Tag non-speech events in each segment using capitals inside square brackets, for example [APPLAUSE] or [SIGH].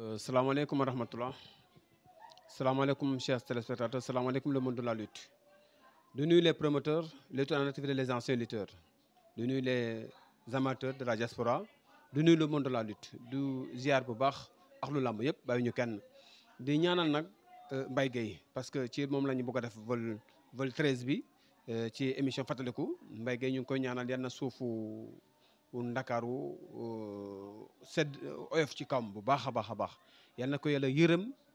Euh, alaikum wa rahmatulah alaikum chers téléspectateurs alaikum le monde de la lutte De nous les promoteurs lutteurs en les anciens lutteurs de nous les amateurs de la diaspora de nous le monde de la lutte du ziar bu baax ak lu làmb yëpp ñu euh, parce que ci mom la vol vol 13 bi euh, ci émission fàttaliku Mbaye Gueye ñu soufou. ñaanal ndakaaru sedd oyof ci baha bu a baax a na ko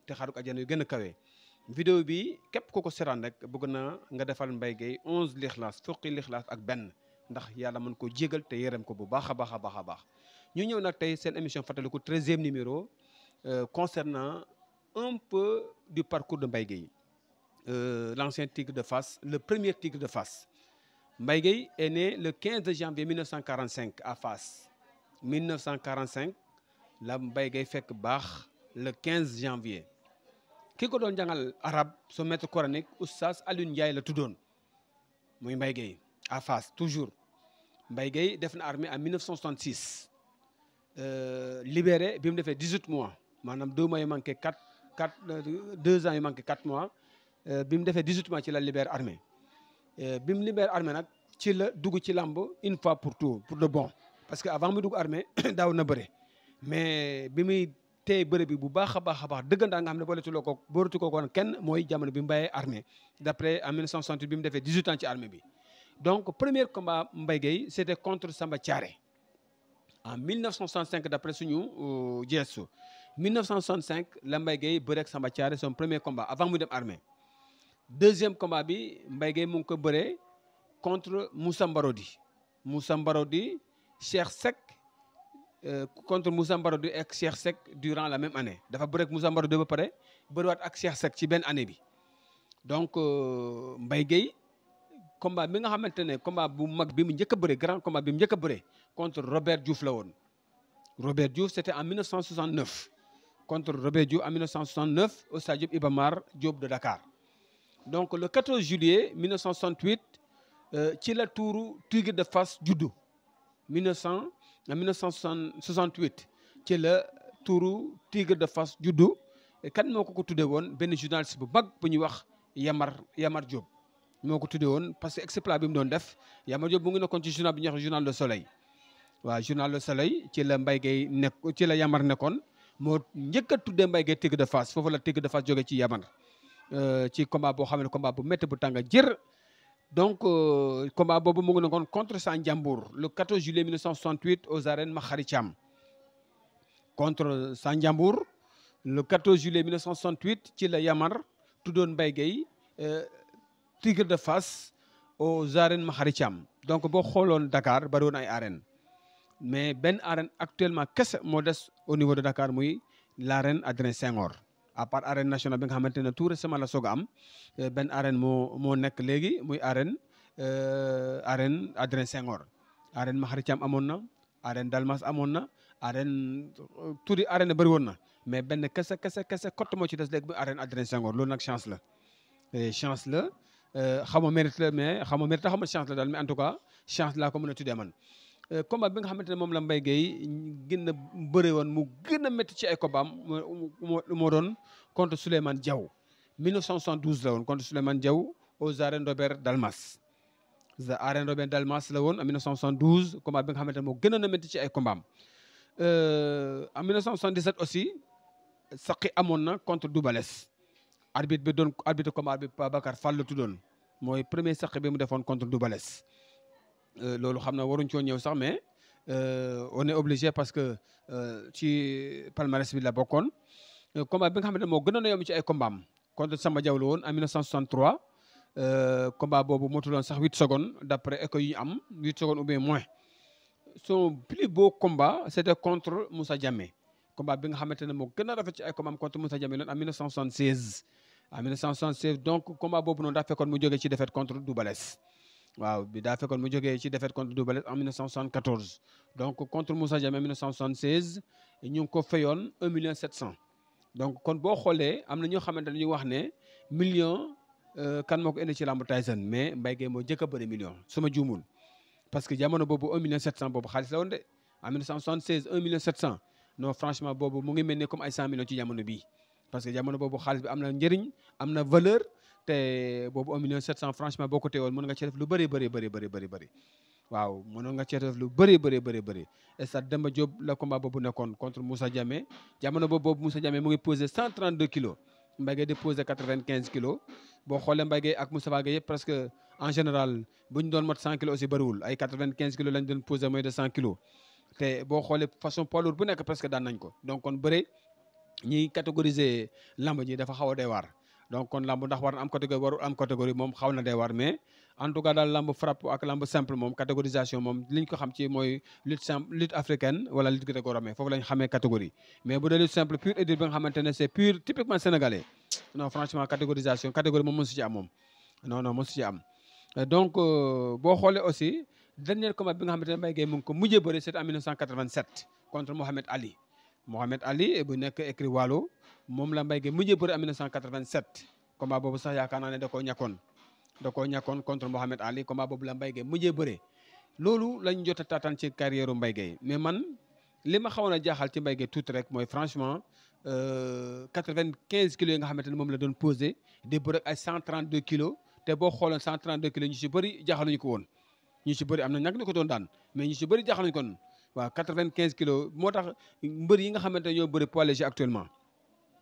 te xaruk ko yu a vidéo bi képp ko rek nga défal onze l'ikhlas fukki l'ikhlas ak Ben. ndax yalla ko ko bu ñu ñëw émission 13 e numéro euh, concernant un peu du parcours de Mbaye euh, l'ancien Tigre de face, le premier Tigre de face. Mbaye est né le 15 janvier 1945 à Fas. 1945 la Mbaye fait que le 15 janvier ki ko dit arabe arab so maître coranique Oussas, Alioune Ndiaye la tuddoon muy Mbaye Gueye à Fas, toujours Mbaye a fait une armée en 1966 euh, libéré il a fait 18 mois maanaam deux mois il manqué 4 euh, ans manqué 4 mois Il a fait 18 mois qu'il a libéré l'armée. Euh, bi mu libère armée nag ci la dugg ci lamb une fois pour tout pour de bon parce que avant mu dugg armée [COUGHS] daw na beure mais bi muy tey bëre bi bu baax a baax a baax dëggantaan nga xam ne booletu loo ko booletu ko woon kenn mooy jamono bi mu armée d'après en 1968 bim mu 18 ans ci armée bi donc premier combat Mbaye gay c'était contre Samba Thiaré en 1965 d'après suñu euh, gestu 1965 la Mbaye Gueye ak Samba Thiaré son premier combat avant mu dem armée deuxième combat bi Mbaye Gueye contre Moussa Mbarodi Moussa Mbarodi Cheikh Seck euh, contre Moussa Mbarodi et Cheikh Seck durant la même année dafa a ak Moussa Mbarodi ba pare bëriwaat ak Cheikh Seck ci benn année bi donc euh, Mbaye Gueye combat bi nga combat bu mag bi mu njëkk grand combat bi mu grand, contre Robert Diouf Robert Diouf c'était en 1969 contre Robert Diouf en 1969 au stade Ibamar job de Dakar donc le 14 juillet 1968 ci la tuuru Tigre de face judo. 1900 1968 ci la tuuru Tigre de Fass juddu kan moo ko ko tuddee woon benn journaliste bu mag bu ñuy wax Yamar Yamar Diop. moo tout tuddee parce que exploit bi mu doon def Yamar Diop mu ngi nekkoon ci journal bi ñuy journal Le Soleil waaw journal Le Soleil ci la Mbaye Guèye nekk ci la Yamar nekkoon moo njëkk a Mbaye Guèye Tigre de Faut voir la Tigre de face, jógee ci Yamar. Euh, ci combat bo xamné combat bu metti bu tanga donc euh, combat bobu contre Sanjambour. le 14 juillet 1968 aux arènes Makhari contre Sanjambour, le 14 juillet 1968 ci la Yamar tudon euh, Tigre de face aux arènes Makhari Cham. donc bo xolone Dakar barone ay arènes mais Ben arène actuellement kese moo modeste au niveau de Dakar muy l'arène Adrien Senghor à part arène nationale bi nga xamante ne tout récemment la soog a am euh, benn arène moo moo nekk léegi muy arène euh, arène Adrien Senghor arène Mahari Thiam amoon na arène Dalmas amoon na arène euh, tuuti arène bëri woon na mais benn kese kese kese kott moo ci des léegi muy arène Adrien Senghor loolu nag chance la chance la xaw ma mérite la mais xaw ma mérite la xaw ma chance la daal mais en tout cas chance laa ko mën Euh, combat bi nga a mu contre Souleymane Diaw 1972 la contre Souleymane Diaw au arènes Robert Dalmas the arène Robert Dalmas la en 1912, combat bi nga a ci ay euh, en 1977 aussi saqi contre Doubales arbitre bi doon arbitre combat bi Babacar moy premier bi mu contre Doubales euh, loolu xam na waruñ coo sax euh, on est obligé parce que euh, ci palmarès bi la bokone combat bi nga xamante mo moo gënoon a ci ay combaam contre Samba Diawlo won en 1963 combat bobu motuloon sax 8 secondes d'après écho yi 8 am 8 secondes ou bien moins son plus beau combat c'était contre Moussa Diamé combat bi nga xamante mo gëna rafet ci ay combat contre Moussa Diamé en 1976 en 1976 donc combat boobu noonu daa fekkoon mu jógee ci défaite contre Doubalès waaw bi daa fekkoon mu jógee ci défaite contre Double en 1974 donc contre Moussa Diame en 1976 ñu ngi ko fayoon 1 million 700 donc quand vous xoolee am na ñoo xamante million euh, kan moo ko indi ci làmb Tyson mais Mbaye Gueye moo jëkk million su ma juumul parce que jamono boobu 1 million 700 boobu xaalis la woon en 1976 1 million 700 non franchement boobu mu ngi mel ne comme ay 100 millions ci jamono parce que jamono boobu xaalis bi am na njëriñ am na valeur té bobu un million francs, beaucoup. nga ci def lu bari bari bari bari combat contre Moussa Diame jamono bobu Moussa ngi 132 kilos presque en général buñ doon mot 100 kilos aussi ay 95 lañ doon de 100 kilos façon lourd presque nañ donc on catégoriser lamb donc on lamb ndax war am catégorie warul am catégorie mom xawna day war mais en tout cas dal lamb frappe ak lamb simple mom catégorisation mom liñ ko xam ci moy lutte simple lutte africaine wala lutte gréco-romaine foofu lañ xamé catégorie mais bu dee lutte simple pure et dure bi nga xamante c'est pure typiquement sénégalais non franchement catégorisation catégorie mom mësu ci am mom non non mësu ci am donc euh, bo xolé aussi dernier combat bi nga xamante ne Mbaye Guèye mu ko mujjé bëri c'est en 1987 contre Mohamed Ali Mohamed Ali bu nek écrit Waalo mom la Mbaye Gueye mujjee bëri en 1987 combat bobu sax yakana naa ne da koo ñàkkoon contre Mohamed Ali combat bobu la Mbaye Gueye mujjee bëri loolu lañ jot ci carrière u Mbaye mais man lima xawna jaxal ci Mbaye Gueye rek moy franchement euh 95 kilos yi nga xamantene mom la doon posé di bëri ay kilos té bo xolone 132 kilos ñu ci bëri jaaxaluñu ko won ñu ci bëri amna na ñàkk ñu ko doon daan mais ñu ci bëri jaaxaluñu ko wa 95 kilos motax mbeur yi nga xamantene ne ñoo bëri poids léger actuellement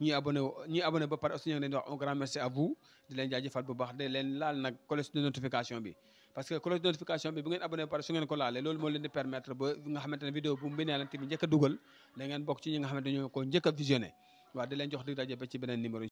ni abonné ni abonné ba pare aussi ñu wax un grand merci à vous di leen fat bu baax de len laal nak cloche de notification bi parce que cloche de notification bi bu ngeen abonné par su ngeen ko laalee lolou mo leen di permettre ba nga xamante vidéo bu mbéné lan timi njëkk a dugal da ngeen bok ci ñi nga xamante ñoo ko njëkk a visionné waaw di leen jox di daje ba ci benen numéro